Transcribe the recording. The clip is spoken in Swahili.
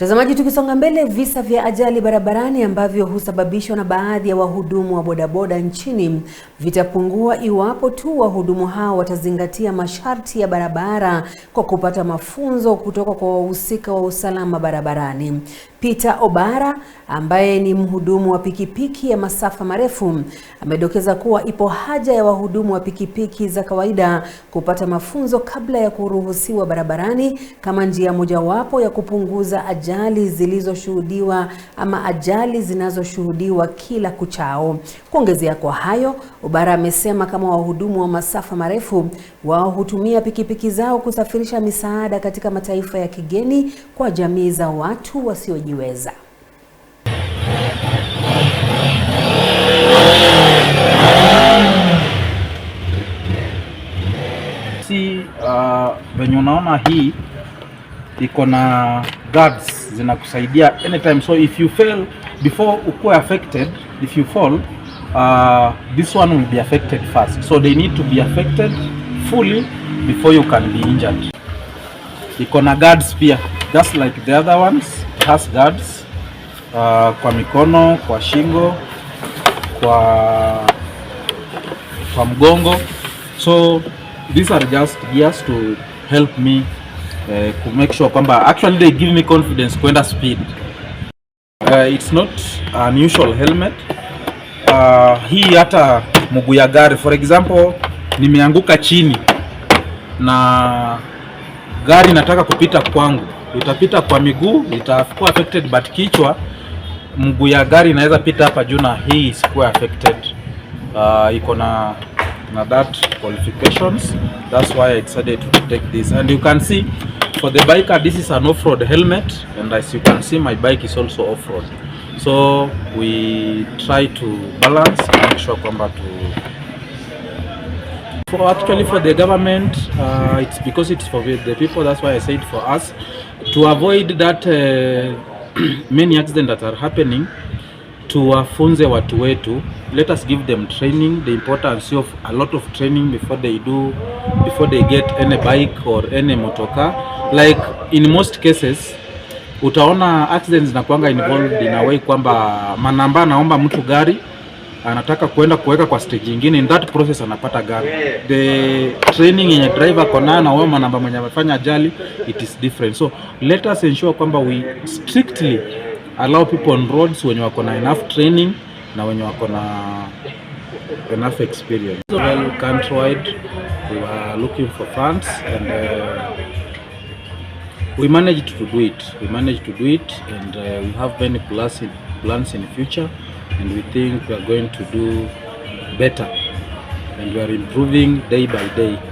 Mtazamaji, tukisonga mbele, visa vya ajali barabarani ambavyo husababishwa na baadhi ya wahudumu wa bodaboda nchini vitapungua iwapo tu wahudumu hao watazingatia masharti ya barabara kwa kupata mafunzo kutoka kwa wahusika wa usalama barabarani. Peter Obara ambaye ni mhudumu wa pikipiki ya masafa marefu amedokeza kuwa ipo haja ya wahudumu wa pikipiki za kawaida kupata mafunzo kabla ya kuruhusiwa barabarani kama njia mojawapo ya kupunguza ajali ajali zilizoshuhudiwa ama ajali zinazoshuhudiwa kila kuchao. Kuongezea kwa hayo, Obara amesema kama wahudumu wa masafa marefu wao hutumia pikipiki zao kusafirisha misaada katika mataifa ya kigeni kwa jamii za watu wasiojiweza. Si uh, venye unaona hii iko na guards zinakusaidia anytime, so if you fail before ukue affected, if you fall uh, this one will be affected first, so they need to be affected fully before you can be injured. Iko na guards pia just like the other ones, it has guards uh, kwa mikono, kwa shingo, kwa kwa mgongo, so these are just gears to help me eh, ku make sure kwamba actually they give me confidence kwenda speed. Uh, it's not an usual helmet. Uh, hii hata mguu ya gari for example, nimeanguka chini na gari nataka kupita kwangu, itapita kwa miguu, itakuwa affected but kichwa, mguu ya gari inaweza pita hapa juu na hii isikuwa affected. Uh, iko na na that qualifications that's why I decided to take this and you can see For the biker, this is an off-road helmet, and as you can see, my bike is also off-road. So we try to balance make sure kwamba to for actually for the government uh, it's because it's for the people that's why I said for us to avoid that uh, many accidents that are happening tuwafunze watu wetu let us give them training the importance of a lot of training before they do before they get any bike or any motor car like in most cases utaona accidents zinakuanga involved in a way kwamba manamba anaomba mtu gari anataka kuenda kuweka kwa stage nyingine, in that process anapata gari. The training yenye driver kona na wao manamba mwenye amefanya ajali, it is different. So let us ensure kwamba we strictly allow people on roads wenye wako na enough training na wenye wako na enough experience. So well, countrywide we are looking for funds and uh, we managed to do it we managed to do it and uh, we have many plans in, plans in the future and we think we are going to do better and we are improving day by day